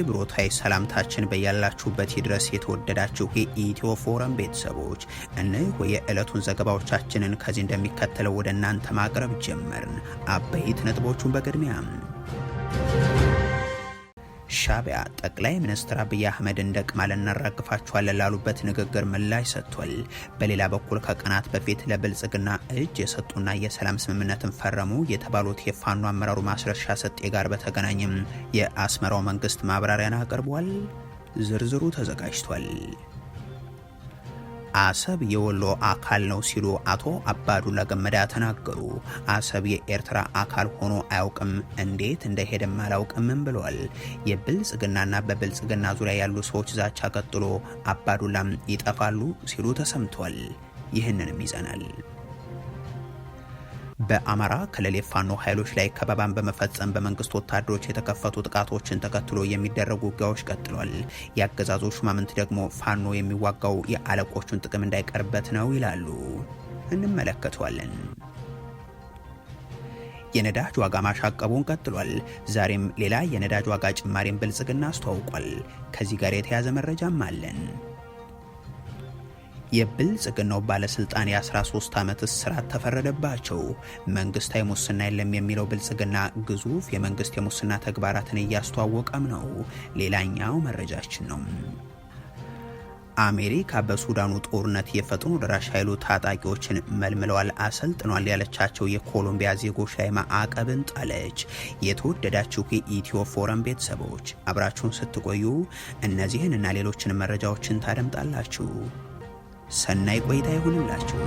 አክብሮታዊ ሰላምታችን በያላችሁበት ይድረስ። የተወደዳችሁ የኢትዮ ፎረም ቤተሰቦች እነሆ የዕለቱን ዘገባዎቻችንን ከዚህ እንደሚከተለው ወደ እናንተ ማቅረብ ጀመርን። አበይት ነጥቦቹን በቅድሚያ ሻቢያ ጠቅላይ ሚኒስትር አብይ አህመድ እንደቅማል እናራግፋቸዋለን ላሉበት ንግግር ምላሽ ሰጥቷል። በሌላ በኩል ከቀናት በፊት ለብልጽግና እጅ የሰጡና የሰላም ስምምነትን ፈረሙ የተባሉት የፋኖ አመራሩ ማስረሻ ሰጤ ጋር በተገናኘም የአስመራው መንግስት ማብራሪያን አቅርቧል። ዝርዝሩ ተዘጋጅቷል። አሰብ የወሎ አካል ነው ሲሉ አቶ አባዱላ ገመዳ ተናገሩ። አሰብ የኤርትራ አካል ሆኖ አያውቅም፣ እንዴት እንደሄደም አላውቅምም ብለዋል። የብልጽግናና በብልጽግና ዙሪያ ያሉ ሰዎች ዛቻ ቀጥሎ አባዱላም ይጠፋሉ ሲሉ ተሰምቷል። ይህንንም ይዘናል። በአማራ ክልል የፋኖ ኃይሎች ላይ ከበባን በመፈጸም በመንግስት ወታደሮች የተከፈቱ ጥቃቶችን ተከትሎ የሚደረጉ ውጊያዎች ቀጥሏል። የአገዛዙ ሹማምንት ደግሞ ፋኖ የሚዋጋው የአለቆቹን ጥቅም እንዳይቀርበት ነው ይላሉ። እንመለከተዋለን። የነዳጅ ዋጋ ማሻቀቡን ቀጥሏል። ዛሬም ሌላ የነዳጅ ዋጋ ጭማሪን ብልጽግና አስተዋውቋል። ከዚህ ጋር የተያዘ መረጃም አለን። የብልጽግናው ባለስልጣን የ13 ዓመት እስራት ተፈረደባቸው። መንግስት ሙስና የለም የሚለው ብልጽግና ግዙፍ የመንግስት የሙስና ተግባራትን እያስተዋወቀም ነው። ሌላኛው መረጃችን ነው። አሜሪካ በሱዳኑ ጦርነት የፈጥኖ ደራሽ ኃይሉ ታጣቂዎችን መልምለዋል፣ አሰልጥኗል ያለቻቸው የኮሎምቢያ ዜጎች ላይ ማዕቀብን ጣለች። የተወደዳችሁ የኢትዮ ፎረም ቤተሰቦች አብራችሁን ስትቆዩ እነዚህን እና ሌሎችን መረጃዎችን ታደምጣላችሁ። ሰናይ ቆይታ ይሁንላችሁ።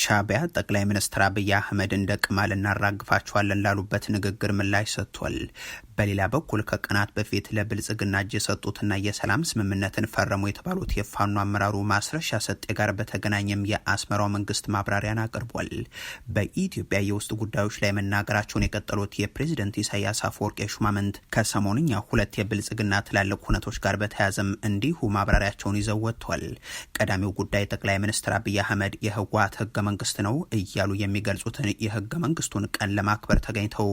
ሻቢያ ጠቅላይ ሚኒስትር አብይ አህመድ እንደ ቅማል እናራግፋቸዋለን ላሉበት ንግግር ምላሽ ሰጥቷል። በሌላ በኩል ከቀናት በፊት ለብልጽግና እጅ የሰጡትና የሰላም ስምምነትን ፈረሙ የተባሉት የፋኖ አመራሩ ማስረሻ ሰጤ ጋር በተገናኘም የአስመራው መንግስት ማብራሪያን አቅርቧል። በኢትዮጵያ የውስጥ ጉዳዮች ላይ መናገራቸውን የቀጠሉት የፕሬዝደንት ኢሳያስ አፈወርቂ ሹማምንት ከሰሞንኛ ሁለት የብልጽግና ትላልቅ ሁነቶች ጋር በተያያዘም እንዲሁ ማብራሪያቸውን ይዘው ወጥቷል። ቀዳሚው ጉዳይ ጠቅላይ ሚኒስትር አብይ አህመድ የህወሓት ህገ መንግስት ነው እያሉ የሚገልጹትን የህገ መንግስቱን ቀን ለማክበር ተገኝተው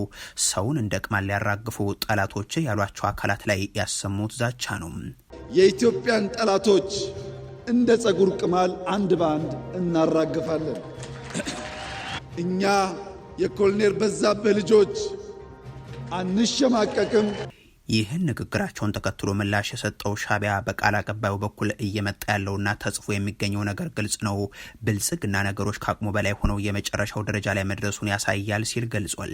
ሰውን እንደ ቅማል ሊያራግፉ ጠላቶች ያሏቸው አካላት ላይ ያሰሙት ዛቻ ነው። የኢትዮጵያን ጠላቶች እንደ ጸጉር ቅማል አንድ በአንድ እናራግፋለን። እኛ የኮሎኔል በዛብህ ልጆች አንሸማቀቅም። ይህን ንግግራቸውን ተከትሎ ምላሽ የሰጠው ሻቢያ በቃል አቀባዩ በኩል እየመጣ ያለውና ተጽፎ የሚገኘው ነገር ግልጽ ነው። ብልጽግና ነገሮች ከአቅሙ በላይ ሆነው የመጨረሻው ደረጃ ላይ መድረሱን ያሳያል ሲል ገልጿል።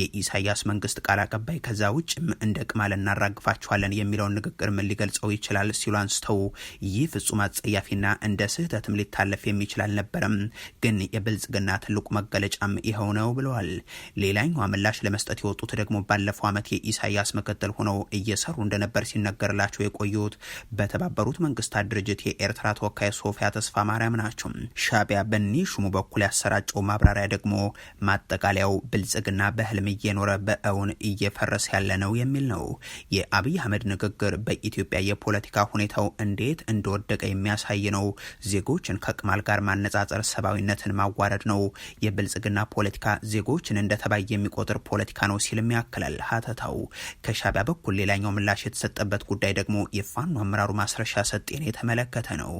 የኢሳያስ መንግስት ቃል አቀባይ ከዛ ውጭም እንደ ቅማል እናራግፋቸዋለን የሚለውን ንግግር ምን ሊገልጸው ይችላል ሲሉ አንስተው ይህ ፍጹም አጸያፊና እንደ ስህተትም ሊታለፍ የሚችል አልነበረም፣ ግን የብልጽግና ትልቁ መገለጫም ይኸው ነው ብለዋል። ሌላኛዋ ምላሽ ለመስጠት የወጡት ደግሞ ባለፈው ዓመት የኢሳያስ ምክትል ሆነው ነው እየሰሩ እንደነበር ሲነገርላቸው የቆዩት በተባበሩት መንግስታት ድርጅት የኤርትራ ተወካይ ሶፊያ ተስፋ ማርያም ናቸው። ሻቢያ በኒ ሹሙ በኩል ያሰራጨው ማብራሪያ ደግሞ ማጠቃለያው ብልጽግና በህልም እየኖረ በእውን እየፈረሰ ያለ ነው የሚል ነው። የአብይ አህመድ ንግግር በኢትዮጵያ የፖለቲካ ሁኔታው እንዴት እንደወደቀ የሚያሳይ ነው። ዜጎችን ከቅማል ጋር ማነጻጸር ሰብአዊነትን ማዋረድ ነው። የብልጽግና ፖለቲካ ዜጎችን እንደተባይ የሚቆጥር ፖለቲካ ነው ሲልም ያክላል ሀተታው ከሻቢያ በኩል በኩል ሌላኛው ምላሽ የተሰጠበት ጉዳይ ደግሞ የፋኖ አመራሩ ማስረሻ ሰጤን የተመለከተ ነው።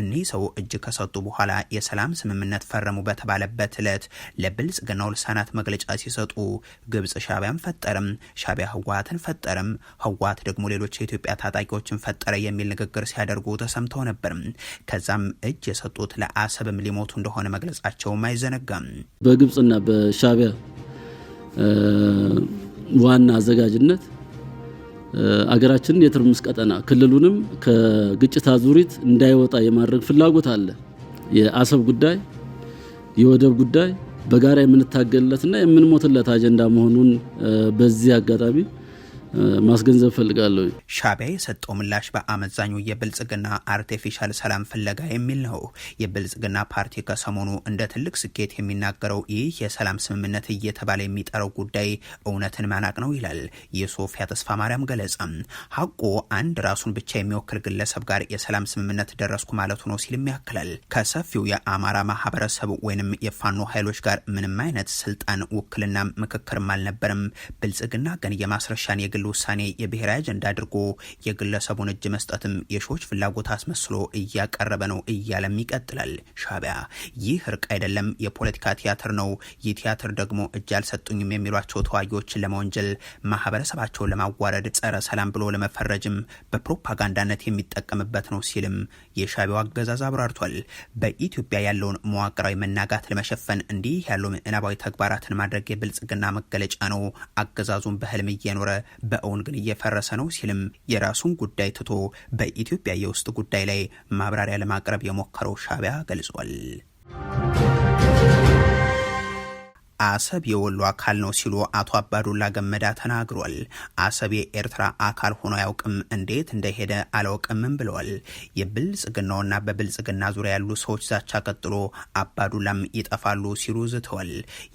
እኒህ ሰው እጅ ከሰጡ በኋላ የሰላም ስምምነት ፈረሙ በተባለበት እለት ለብልጽግናው ልሳናት መግለጫ ሲሰጡ ግብጽ ሻቢያን ፈጠርም፣ ሻቢያ ህወሀትን ፈጠርም፣ ህወሀት ደግሞ ሌሎች የኢትዮጵያ ታጣቂዎችን ፈጠረ የሚል ንግግር ሲያደርጉ ተሰምተው ነበር። ከዛም እጅ የሰጡት ለአሰብም ሊሞቱ እንደሆነ መግለጻቸውም አይዘነጋም። በግብጽና በሻቢያ ዋና አዘጋጅነት አገራችንን የትርምስ ቀጠና ክልሉንም ከግጭት አዙሪት እንዳይወጣ የማድረግ ፍላጎት አለ። የአሰብ ጉዳይ የወደብ ጉዳይ በጋራ የምንታገልለትና የምንሞትለት አጀንዳ መሆኑን በዚህ አጋጣሚ ማስገንዘብ ፈልጋለሁ። ሻቢያ የሰጠው ምላሽ በአመዛኙ የብልጽግና አርቲፊሻል ሰላም ፍለጋ የሚል ነው። የብልጽግና ፓርቲ ከሰሞኑ እንደ ትልቅ ስኬት የሚናገረው ይህ የሰላም ስምምነት እየተባለ የሚጠራው ጉዳይ እውነትን ማናቅ ነው ይላል የሶፊያ ተስፋ ማርያም ገለጻ። ሀቆ አንድ ራሱን ብቻ የሚወክል ግለሰብ ጋር የሰላም ስምምነት ደረስኩ ማለቱ ነው ሲልም ያክላል። ከሰፊው የአማራ ማህበረሰብ ወይንም የፋኖ ኃይሎች ጋር ምንም አይነት ስልጣን ውክልና ምክክርም አልነበርም። ብልጽግና ግን የማስረሻን የግል ውሳኔ የብሔራዊ አጀንዳ አድርጎ የግለሰቡን እጅ መስጠትም የሺዎች ፍላጎት አስመስሎ እያቀረበ ነው እያለም ይቀጥላል ሻቢያ ይህ እርቅ አይደለም፣ የፖለቲካ ቲያትር ነው። ይህ ቲያትር ደግሞ እጅ አልሰጡኝም የሚሏቸው ተዋጊዎችን ለመወንጀል ማህበረሰባቸውን ለማዋረድ ጸረ ሰላም ብሎ ለመፈረጅም በፕሮፓጋንዳነት የሚጠቀምበት ነው ሲልም የሻቢያው አገዛዝ አብራርቷል። በኢትዮጵያ ያለውን መዋቅራዊ መናጋት ለመሸፈን እንዲህ ያሉ ምዕናባዊ ተግባራትን ማድረግ የብልጽግና መገለጫ ነው። አገዛዙን በህልም እየኖረ በእውን ግን እየፈረሰ ነው ሲልም የራሱን ጉዳይ ትቶ በኢትዮጵያ የውስጥ ጉዳይ ላይ ማብራሪያ ለማቅረብ የሞከረው ሻቢያ ገልጿል። አሰብ የወሎ አካል ነው ሲሉ አቶ አባዱላ ገመዳ ተናግሯል። አሰብ የኤርትራ አካል ሆኖ አያውቅም፣ እንዴት እንደሄደ አላውቅምም ብለዋል። የብልጽግናውና በብልጽግና ዙሪያ ያሉ ሰዎች ዛቻ ቀጥሎ አባዱላም ይጠፋሉ ሲሉ ዝተዋል።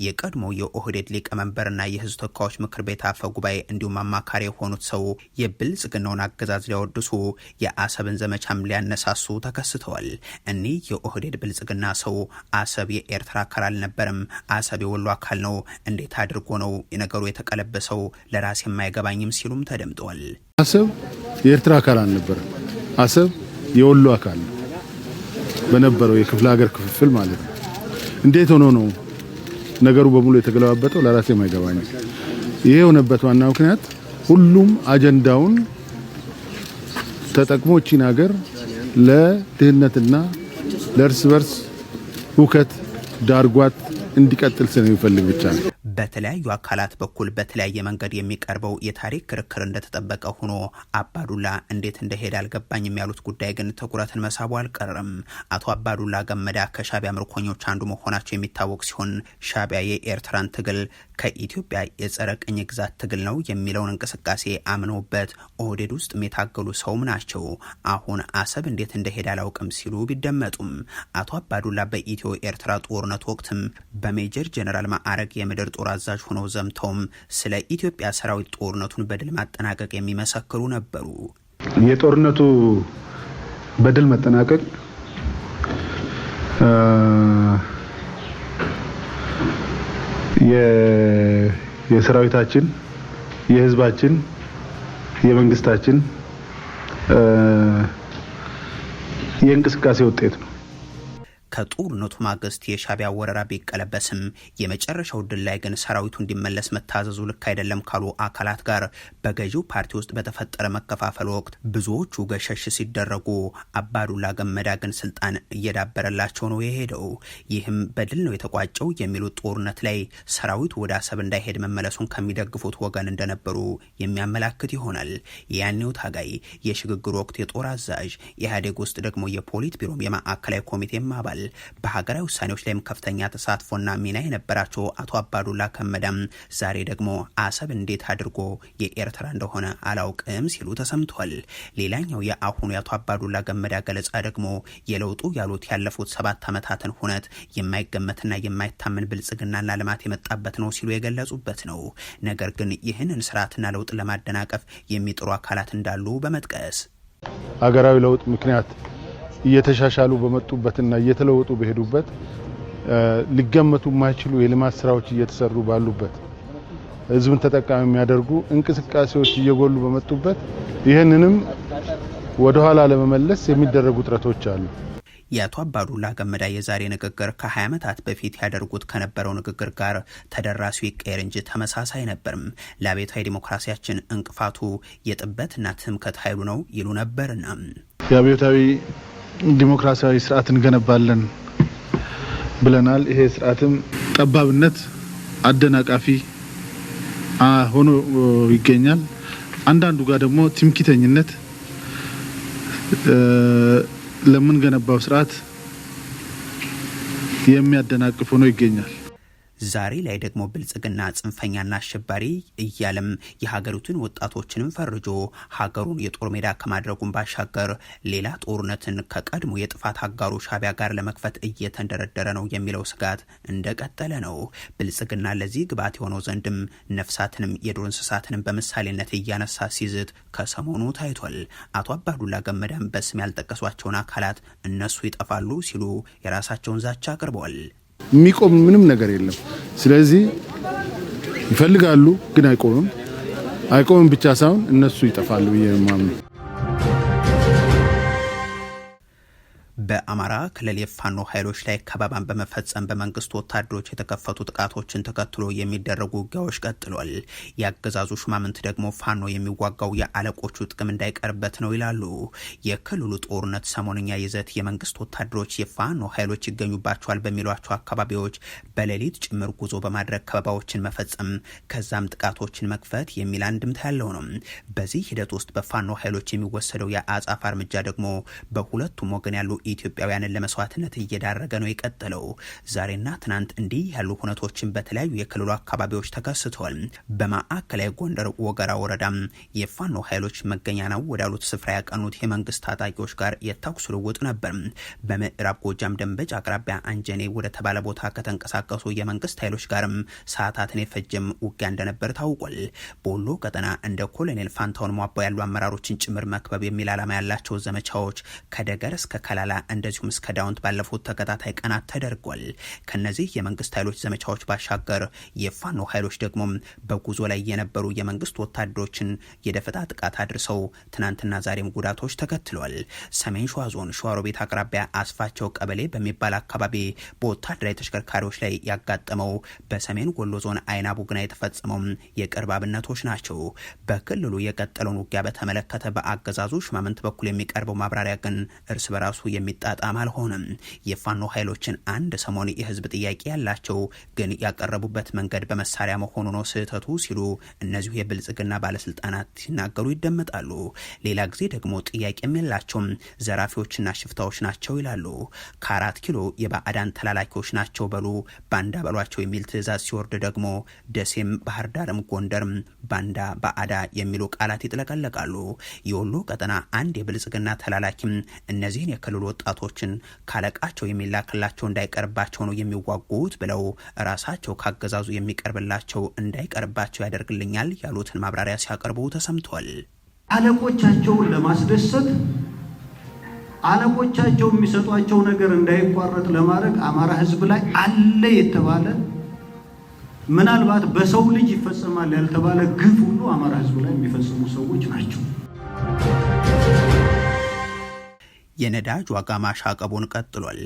የቀድሞ የኦህዴድ ሊቀመንበርና የህዝብ ተወካዮች ምክር ቤት አፈ ጉባኤ እንዲሁም አማካሪ የሆኑት ሰው የብልጽግናውን አገዛዝ ሊያወድሱ የአሰብን ዘመቻም ሊያነሳሱ ተከስተዋል። እኒህ የኦህዴድ ብልጽግና ሰው አሰብ የኤርትራ አካል አልነበረም፣ አሰብ የወሎ አካል ነው። እንዴት አድርጎ ነው ነገሩ የተቀለበሰው? ለራሴ የማይገባኝም ሲሉም ተደምጠዋል። አሰብ የኤርትራ አካል አልነበረም። አሰብ የወሎ አካል በነበረው የክፍለ ሀገር ክፍፍል ማለት ነው። እንዴት ሆኖ ነው ነገሩ በሙሉ የተገለባበጠው? ለራስ የማይገባኝ ይሄ የሆነበት ዋና ምክንያት ሁሉም አጀንዳውን ተጠቅሞ ሀገር ለድህነትና ለእርስ በርስ ሁከት ዳርጓት እንዲቀጥል ስለሚፈልግ ብቻ ነው። በተለያዩ አካላት በኩል በተለያየ መንገድ የሚቀርበው የታሪክ ክርክር እንደተጠበቀ ሆኖ አባዱላ እንዴት እንደሄደ አልገባኝም ያሉት ጉዳይ ግን ትኩረትን መሳቡ አልቀርም። አቶ አባዱላ ገመዳ ከሻቢያ ምርኮኞች አንዱ መሆናቸው የሚታወቅ ሲሆን ሻቢያ የኤርትራን ትግል ከኢትዮጵያ የጸረ ቅኝ ግዛት ትግል ነው የሚለውን እንቅስቃሴ አምነውበት ኦህዴድ ውስጥ የታገሉ ሰውም ናቸው። አሁን አሰብ እንዴት እንደሄደ አላውቅም ሲሉ ቢደመጡም አቶ አባዱላ በኢትዮ ኤርትራ ጦርነት ወቅትም በሜጀር ጀነራል ማዕረግ የምድር ጦር አዛዥ ሆነው ዘምተውም ስለ ኢትዮጵያ ሰራዊት ጦርነቱን በድል ማጠናቀቅ የሚመሰክሩ ነበሩ። የጦርነቱ በድል መጠናቀቅ የሰራዊታችን፣ የህዝባችን፣ የመንግስታችን የእንቅስቃሴ ውጤት ነው። ከጦርነቱ ማግስት የሻቢያ ወረራ ቢቀለበስም የመጨረሻው ድል ላይ ግን ሰራዊቱ እንዲመለስ መታዘዙ ልክ አይደለም ካሉ አካላት ጋር በገዢው ፓርቲ ውስጥ በተፈጠረ መከፋፈል ወቅት ብዙዎቹ ገሸሽ ሲደረጉ አባዱላ ገመዳ ግን ስልጣን እየዳበረላቸው ነው የሄደው። ይህም በድል ነው የተቋጨው የሚሉት ጦርነት ላይ ሰራዊቱ ወደ አሰብ እንዳይሄድ መመለሱን ከሚደግፉት ወገን እንደነበሩ የሚያመላክት ይሆናል። ያኔው ታጋይ የሽግግር ወቅት የጦር አዛዥ ኢህአዴግ ውስጥ ደግሞ የፖሊት ቢሮም የማዕከላዊ ኮሚቴም አባል በሀገራዊ ውሳኔዎች ላይም ከፍተኛ ተሳትፎና ሚና የነበራቸው አቶ አባዱላ ከመዳም ዛሬ ደግሞ አሰብ እንዴት አድርጎ የኤርትራ እንደሆነ አላውቅም ሲሉ ተሰምቷል። ሌላኛው የአሁኑ የአቶ አባዱላ ገመዳ ገለጻ ደግሞ የለውጡ ያሉት ያለፉት ሰባት ዓመታትን ሁነት የማይገመትና የማይታመን ብልጽግናና ልማት የመጣበት ነው ሲሉ የገለጹበት ነው። ነገር ግን ይህንን ስርዓትና ለውጥ ለማደናቀፍ የሚጥሩ አካላት እንዳሉ በመጥቀስ ሀገራዊ ለውጥ ምክንያት እየተሻሻሉ በመጡበትና እየተለወጡ በሄዱበት ሊገመቱ የማይችሉ የልማት ስራዎች እየተሰሩ ባሉበት ህዝብን ተጠቃሚ የሚያደርጉ እንቅስቃሴዎች እየጎሉ በመጡበት ይህንንም ወደኋላ ለመመለስ የሚደረጉ ጥረቶች አሉ። የአቶ አባዱላ ገመዳ የዛሬ ንግግር ከ20 ዓመታት በፊት ያደርጉት ከነበረው ንግግር ጋር ተደራሱ ይቀየር እንጂ ተመሳሳይ ነበርም። ለአብዮታዊ ዲሞክራሲያችን እንቅፋቱ የጥበትና ትምከት ኃይሉ ነው ይሉ ነበርና የአብዮታዊ ዲሞክራሲያዊ ስርዓት እንገነባለን ብለናል። ይሄ ስርዓትም ጠባብነት አደናቃፊ ሆኖ ይገኛል። አንዳንዱ ጋር ደግሞ ትምክህተኝነት ለምንገነባው ስርዓት የሚያደናቅፍ ሆኖ ይገኛል። ዛሬ ላይ ደግሞ ብልጽግና ጽንፈኛና አሸባሪ እያለም የሀገሪቱን ወጣቶችንም ፈርጆ ሀገሩን የጦር ሜዳ ከማድረጉን ባሻገር ሌላ ጦርነትን ከቀድሞ የጥፋት አጋሩ ሻቢያ ጋር ለመክፈት እየተንደረደረ ነው የሚለው ስጋት እንደቀጠለ ነው። ብልጽግና ለዚህ ግብዓት የሆነው ዘንድም ነፍሳትንም የዱር እንስሳትንም በምሳሌነት እያነሳ ሲዝት ከሰሞኑ ታይቷል። አቶ አባዱላ ገመዳም በስም ያልጠቀሷቸውን አካላት እነሱ ይጠፋሉ ሲሉ የራሳቸውን ዛቻ አቅርበዋል። የሚቆም ምንም ነገር የለም። ስለዚህ ይፈልጋሉ፣ ግን አይቆምም። አይቆምም ብቻ ሳይሆን እነሱ ይጠፋሉ ብዬ ማምነው በአማራ ክልል የፋኖ ኃይሎች ላይ ከበባን በመፈጸም በመንግስት ወታደሮች የተከፈቱ ጥቃቶችን ተከትሎ የሚደረጉ ውጊያዎች ቀጥሏል። የአገዛዙ ሹማምንት ደግሞ ፋኖ የሚዋጋው የአለቆቹ ጥቅም እንዳይቀርበት ነው ይላሉ። የክልሉ ጦርነት ሰሞንኛ ይዘት የመንግስት ወታደሮች የፋኖ ኃይሎች ይገኙባቸዋል በሚሏቸው አካባቢዎች በሌሊት ጭምር ጉዞ በማድረግ ከበባዎችን መፈጸም ከዛም ጥቃቶችን መክፈት የሚል አንድምታ ያለው ነው። በዚህ ሂደት ውስጥ በፋኖ ኃይሎች የሚወሰደው የአጻፋ እርምጃ ደግሞ በሁለቱም ወገን ያሉ ኢትዮጵያ ኢትዮጵያውያንን ለመስዋዕትነት እየዳረገ ነው የቀጠለው። ዛሬና ትናንት እንዲህ ያሉ ሁነቶችን በተለያዩ የክልሉ አካባቢዎች ተከስተዋል። በማዕከላዊ ጎንደር ወገራ ወረዳም የፋኖ ኃይሎች መገኛ ነው ወዳሉት ስፍራ ያቀኑት የመንግስት ታጣቂዎች ጋር የተኩስ ልውውጥ ነበር። በምዕራብ ጎጃም ደንበጫ አቅራቢያ አንጀኔ ወደ ተባለ ቦታ ከተንቀሳቀሱ የመንግስት ኃይሎች ጋርም ሰዓታትን የፈጀም ውጊያ እንደነበር ታውቋል። በወሎ ቀጠና እንደ ኮሎኔል ፋንታውን ሟባ ያሉ አመራሮችን ጭምር መክበብ የሚል ዓላማ ያላቸው ዘመቻዎች ከደገር እስከ ከላላ እንደ እንደዚሁም እስከ ዳውንት ባለፉት ተከታታይ ቀናት ተደርጓል። ከነዚህ የመንግስት ኃይሎች ዘመቻዎች ባሻገር የፋኖ ኃይሎች ደግሞ በጉዞ ላይ የነበሩ የመንግስት ወታደሮችን የደፈጣ ጥቃት አድርሰው ትናንትና ዛሬም ጉዳቶች ተከትሏል። ሰሜን ሸዋ ዞን ሸዋሮቤት አቅራቢያ አስፋቸው ቀበሌ በሚባል አካባቢ በወታደራዊ ተሽከርካሪዎች ላይ ያጋጠመው በሰሜን ወሎ ዞን አይና ቡግና የተፈጸመው የቅርብ አብነቶች ናቸው። በክልሉ የቀጠለውን ውጊያ በተመለከተ በአገዛዙ ሽማምንት በኩል የሚቀርበው ማብራሪያ ግን እርስ በራሱ የሚጣ አጣም አልሆነም። የፋኖ ኃይሎችን አንድ ሰሞን የህዝብ ጥያቄ ያላቸው ግን ያቀረቡበት መንገድ በመሳሪያ መሆኑ ነው ስህተቱ ሲሉ እነዚሁ የብልጽግና ባለስልጣናት ሲናገሩ ይደመጣሉ። ሌላ ጊዜ ደግሞ ጥያቄም የላቸውም ዘራፊዎችና ሽፍታዎች ናቸው ይላሉ። ከአራት ኪሎ የባዕዳን ተላላኪዎች ናቸው በሉ ባንዳ በሏቸው የሚል ትዕዛዝ ሲወርድ ደግሞ ደሴም፣ ባህር ዳርም፣ ጎንደርም ባንዳ ባዕዳ የሚሉ ቃላት ይጥለቀለቃሉ። የወሎ ቀጠና አንድ የብልጽግና ተላላኪም እነዚህን የክልል ወጣቶ ሪፖርቶችን ካለቃቸው የሚላክላቸው እንዳይቀርባቸው ነው የሚዋጉት ብለው ራሳቸው ካገዛዙ የሚቀርብላቸው እንዳይቀርባቸው ያደርግልኛል ያሉትን ማብራሪያ ሲያቀርቡ ተሰምቷል። አለቆቻቸውን ለማስደሰት አለቆቻቸው የሚሰጧቸው ነገር እንዳይቋረጥ ለማድረግ አማራ ሕዝብ ላይ አለ የተባለ ምናልባት በሰው ልጅ ይፈጸማል ያልተባለ ግፍ ሁሉ አማራ ሕዝብ ላይ የሚፈጽሙ ሰዎች ናቸው። የነዳጅ ዋጋ ማሻቀቡን ቀጥሏል።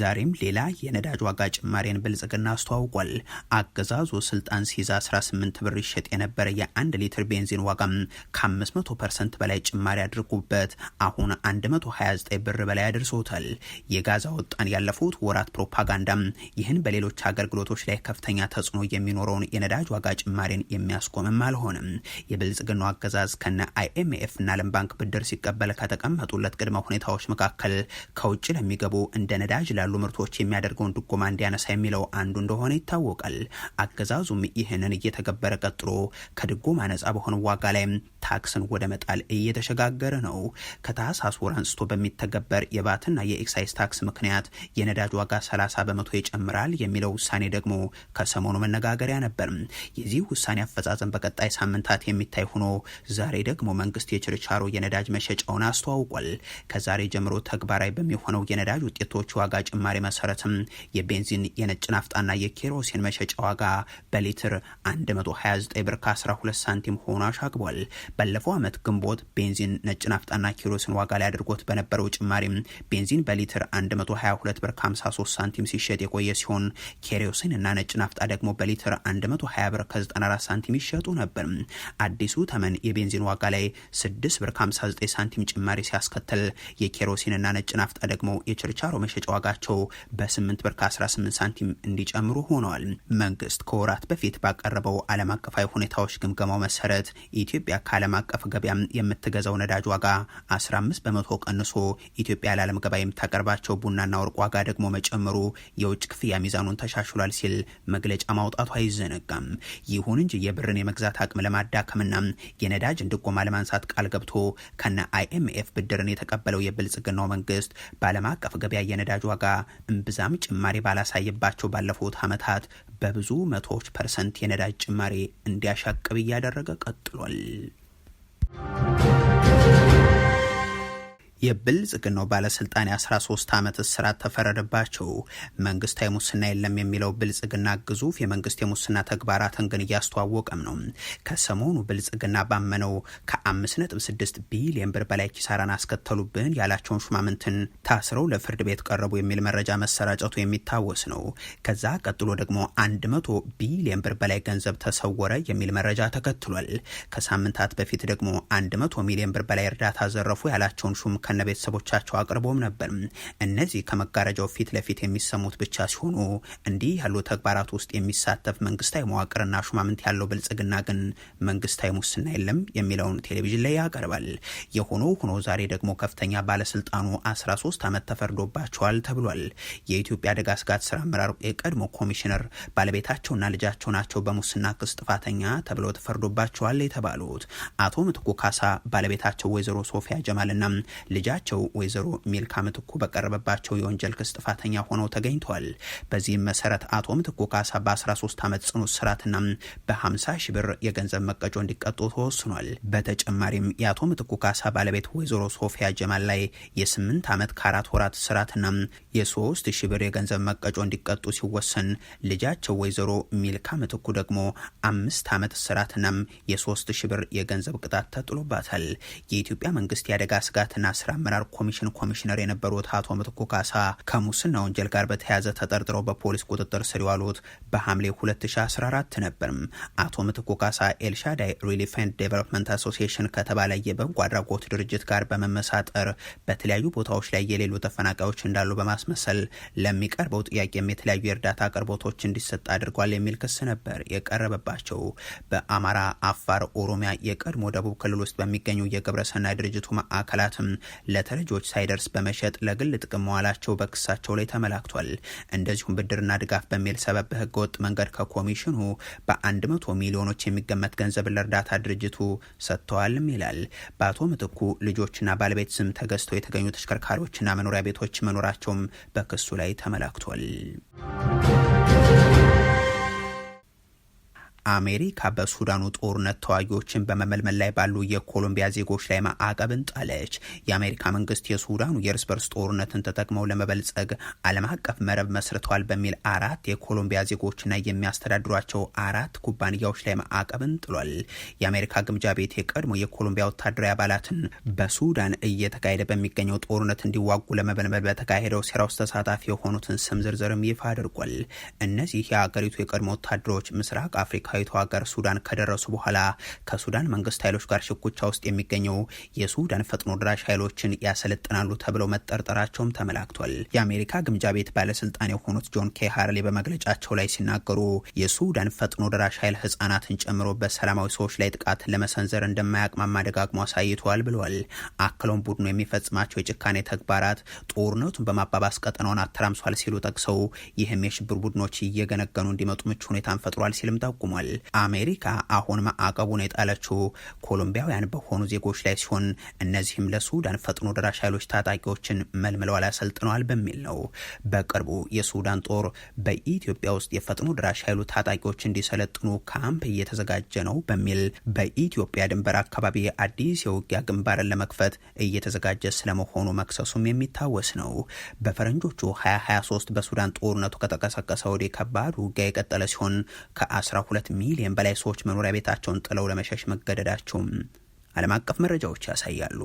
ዛሬም ሌላ የነዳጅ ዋጋ ጭማሪን ብልጽግና አስተዋውቋል። አገዛዙ ስልጣን ሲይዝ 18 ብር ይሸጥ የነበረ የአንድ ሊትር ቤንዚን ዋጋም ከ500 ፐርሰንት በላይ ጭማሪ አድርጉበት አሁን 129 ብር በላይ አድርሶታል። የጋዛ ወጣን ያለፉት ወራት ፕሮፓጋንዳም ይህን በሌሎች አገልግሎቶች ላይ ከፍተኛ ተጽዕኖ የሚኖረውን የነዳጅ ዋጋ ጭማሪን የሚያስቆምም አልሆንም። የብልጽግናው አገዛዝ ከነ እና ዓለም ባንክ ብድር ሲቀበል ከተቀመጡለት ቅድመ ሁኔታዎች መካከል ከውጭ ለሚገቡ እንደ ነዳጅ ላሉ ምርቶች የሚያደርገውን ድጎማ እንዲያነሳ የሚለው አንዱ እንደሆነ ይታወቃል። አገዛዙም ይህንን እየተገበረ ቀጥሎ ከድጎማ ነጻ በሆነ ዋጋ ላይ ታክስን ወደ መጣል እየተሸጋገረ ነው። ከታህሳስ ወር አንስቶ በሚተገበር የባትና የኤክሳይዝ ታክስ ምክንያት የነዳጅ ዋጋ 30 በመቶ ይጨምራል የሚለው ውሳኔ ደግሞ ከሰሞኑ መነጋገሪያ ነበር። የዚህ ውሳኔ አፈጻጸም በቀጣይ ሳምንታት የሚታይ ሆኖ ዛሬ ደግሞ መንግስት የችርቻሮ የነዳጅ መሸጫውን አስተዋውቋል። ከዛሬ ጀምሮ ተግባራዊ በሚሆነው የነዳጅ ውጤቶች ዋጋ ጭማሪ መሰረትም የቤንዚን የነጭ ናፍጣና የኬሮሲን መሸጫ ዋጋ በሊትር 129 ብር ከ12 ሳንቲም ሆኖ አሻግቧል። ባለፈው ዓመት ግንቦት ቤንዚን ነጭ ናፍጣና ኬሮሲን ዋጋ ላይ አድርጎት በነበረው ጭማሪም ቤንዚን በሊትር 122 ብር ከ53 ሳንቲም ሲሸጥ የቆየ ሲሆን ኬሮሲን እና ነጭ ናፍጣ ደግሞ በሊትር 120 ብር ከ94 ሳንቲም ይሸጡ ነበር። አዲሱ ተመን የቤንዚን ዋጋ ላይ 6 ብር ከ59 ሳንቲም ጭማሪ ሲያስከትል የኬሮ ኬሮሲንና ነጭ ናፍጣ ደግሞ የችርቻሮ መሸጫ ዋጋቸው በ8 ብር ከ18 ሳንቲም እንዲጨምሩ ሆነዋል። መንግስት ከወራት በፊት ባቀረበው ዓለም አቀፋዊ ሁኔታዎች ግምገማው መሰረት ኢትዮጵያ ከዓለም አቀፍ ገበያም የምትገዛው ነዳጅ ዋጋ 15 በመቶ ቀንሶ ኢትዮጵያ ለዓለም ገበያ የምታቀርባቸው ቡናና ወርቅ ዋጋ ደግሞ መጨመሩ የውጭ ክፍያ ሚዛኑን ተሻሽሏል ሲል መግለጫ ማውጣቱ አይዘነጋም። ይሁን እንጂ የብርን የመግዛት አቅም ለማዳከምና የነዳጅ ድጎማ ለማንሳት ቃል ገብቶ ከነ አይኤምኤፍ ብድርን የተቀበለው የብልጽ የብልጽግናው መንግስት በዓለም አቀፍ ገበያ የነዳጅ ዋጋ እምብዛም ጭማሪ ባላሳየባቸው ባለፉት ዓመታት በብዙ መቶዎች ፐርሰንት የነዳጅ ጭማሪ እንዲያሻቅብ እያደረገ ቀጥሏል። የብልጽግናው ባለስልጣን የ13 ዓመት እስራት ተፈረደባቸው። መንግስታዊ ሙስና የለም የሚለው ብልጽግና ግዙፍ የመንግስት የሙስና ተግባራትን ግን እያስተዋወቀም ነው። ከሰሞኑ ብልጽግና ባመነው ከ5.6 ቢሊየን ብር በላይ ኪሳራን አስከተሉብን ያላቸውን ሹማምንትን ታስረው ለፍርድ ቤት ቀረቡ የሚል መረጃ መሰራጨቱ የሚታወስ ነው። ከዛ ቀጥሎ ደግሞ 100 ቢሊየን ብር በላይ ገንዘብ ተሰወረ የሚል መረጃ ተከትሏል። ከሳምንታት በፊት ደግሞ 100 ሚሊዮን ብር በላይ እርዳታ ዘረፉ ያላቸውን ሹም ለአሜሪካና ቤተሰቦቻቸው አቅርቦም ነበር። እነዚህ ከመጋረጃው ፊት ለፊት የሚሰሙት ብቻ ሲሆኑ እንዲህ ያሉ ተግባራት ውስጥ የሚሳተፍ መንግስታዊ መዋቅርና ሹማምንት ያለው ብልጽግና ግን መንግስታዊ ሙስና የለም የሚለውን ቴሌቪዥን ላይ ያቀርባል። የሆኖ ሆኖ ዛሬ ደግሞ ከፍተኛ ባለስልጣኑ 13 ዓመት ተፈርዶባቸዋል ተብሏል። የኢትዮጵያ አደጋ ስጋት ስራ አመራር የቀድሞ ኮሚሽነር ባለቤታቸውና ልጃቸው ናቸው በሙስና ክስ ጥፋተኛ ተብለው ተፈርዶባቸዋል የተባሉት አቶ ምትኩ ካሳ ባለቤታቸው ወይዘሮ ሶፊያ ጀማልና ልጃቸው ወይዘሮ ሚልካ ምትኩ በቀረበባቸው የወንጀል ክስ ጥፋተኛ ሆነው ተገኝተዋል። በዚህም መሰረት አቶ ምትኩ ካሳ በ13 ዓመት ጽኑ እስራትና በ50 ሺ ብር የገንዘብ መቀጮ እንዲቀጡ ተወስኗል። በተጨማሪም የአቶ ምትኩ ካሳ ባለቤት ወይዘሮ ሶፊያ ጀማል ላይ የ8 ዓመት ከአራት ወራት እስራትና የ3 ሺ ብር የገንዘብ መቀጮ እንዲቀጡ ሲወሰን ልጃቸው ወይዘሮ ሚልካ ምትኩ ደግሞ አምስት ዓመት እስራትናም የ3 ሺ ብር የገንዘብ ቅጣት ተጥሎባታል። የኢትዮጵያ መንግስት የአደጋ ስጋትና ስራ አመራር ኮሚሽን ኮሚሽነር የነበሩት አቶ ምትኩ ካሳ ከሙስና ወንጀል ጋር በተያያዘ ተጠርጥረው በፖሊስ ቁጥጥር ስር የዋሉት በሐምሌ 2014 ነበርም። አቶ ምትኩ ካሳ ኤልሻዳይ ሪሊፍ ኤንድ ዴቨሎፕመንት አሶሲሽን ከተባለ የበጎ አድራጎት ድርጅት ጋር በመመሳጠር በተለያዩ ቦታዎች ላይ የሌሉ ተፈናቃዮች እንዳሉ በማስመሰል ለሚቀርበው ጥያቄም የተለያዩ የእርዳታ አቅርቦቶች እንዲሰጥ አድርጓል የሚል ክስ ነበር የቀረበባቸው። በአማራ፣ አፋር፣ ኦሮሚያ የቀድሞ ደቡብ ክልል ውስጥ በሚገኙ የግብረሰናይ ድርጅቱ ማዕከላትም ለተረጆች ሳይደርስ በመሸጥ ለግል ጥቅም መዋላቸው በክሳቸው ላይ ተመላክቷል። እንደዚሁም ብድርና ድጋፍ በሚል ሰበብ ወጥ መንገድ ከኮሚሽኑ በ100 ሚሊዮኖች የሚገመት ገንዘብ ለእርዳታ ድርጅቱ ሰጥተዋልም ይላል። በአቶ ምትኩ ልጆችና ባለቤት ስም ተገዝተው የተገኙ ተሽከርካሪዎችና መኖሪያ ቤቶች መኖራቸውም በክሱ ላይ ተመላክቷል። አሜሪካ በሱዳኑ ጦርነት ተዋጊዎችን በመመልመል ላይ ባሉ የኮሎምቢያ ዜጎች ላይ ማዕቀብን ጣለች። የአሜሪካ መንግስት የሱዳኑ የእርስ በርስ ጦርነትን ተጠቅመው ለመበልጸግ ዓለም አቀፍ መረብ መስርተዋል በሚል አራት የኮሎምቢያ ዜጎችና የሚያስተዳድሯቸው አራት ኩባንያዎች ላይ ማዕቀብን ጥሏል። የአሜሪካ ግምጃ ቤት የቀድሞ የኮሎምቢያ ወታደራዊ አባላትን በሱዳን እየተካሄደ በሚገኘው ጦርነት እንዲዋጉ ለመመልመል በተካሄደው ሴራ ውስጥ ተሳታፊ የሆኑትን ስም ዝርዝርም ይፋ አድርጓል። እነዚህ የአገሪቱ የቀድሞ ወታደሮች ምስራቅ አፍሪካ ጎረቤታዊቷ ሀገር ሱዳን ከደረሱ በኋላ ከሱዳን መንግስት ኃይሎች ጋር ሽኩቻ ውስጥ የሚገኘው የሱዳን ፈጥኖ ድራሽ ኃይሎችን ያሰለጥናሉ ተብለው መጠርጠራቸውም ተመላክቷል። የአሜሪካ ግምጃ ቤት ባለስልጣን የሆኑት ጆን ኬ ሃርሌ በመግለጫቸው ላይ ሲናገሩ የሱዳን ፈጥኖ ድራሽ ኃይል ህጻናትን ጨምሮ በሰላማዊ ሰዎች ላይ ጥቃት ለመሰንዘር እንደማያቅማማ ደጋግሞ አሳይተዋል ብለዋል። አክለውም ቡድኑ የሚፈጽማቸው የጭካኔ ተግባራት ጦርነቱን በማባባስ ቀጠናውን አተራምሷል ሲሉ ጠቅሰው ይህም የሽብር ቡድኖች እየገነገኑ እንዲመጡ ምቹ ሁኔታን ፈጥሯል ሲልም ጠቁሟል። ተናግረዋል። አሜሪካ አሁን ማዕቀቡን የጣለችው ኮሎምቢያውያን በሆኑ ዜጎች ላይ ሲሆን እነዚህም ለሱዳን ፈጥኖ ደራሽ ኃይሎች ታጣቂዎችን መልምለዋል፣ አሰልጥነዋል በሚል ነው። በቅርቡ የሱዳን ጦር በኢትዮጵያ ውስጥ የፈጥኖ ደራሽ ኃይሉ ታጣቂዎች እንዲሰለጥኑ ካምፕ እየተዘጋጀ ነው በሚል በኢትዮጵያ ድንበር አካባቢ አዲስ የውጊያ ግንባርን ለመክፈት እየተዘጋጀ ስለመሆኑ መክሰሱም የሚታወስ ነው። በፈረንጆቹ 2023 በሱዳን ጦርነቱ ከተቀሰቀሰ ወዲህ ከባድ ውጊያ የቀጠለ ሲሆን ከ12 ሚሊዮን በላይ ሰዎች መኖሪያ ቤታቸውን ጥለው ለመሸሽ መገደዳቸውም ዓለም አቀፍ መረጃዎች ያሳያሉ።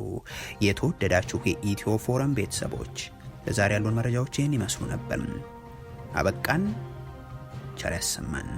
የተወደዳችሁ የኢትዮ ፎረም ቤተሰቦች ለዛሬ ያሉን መረጃዎች ይህን ይመስሉ ነበር። አበቃን። ቸር ያሰማን።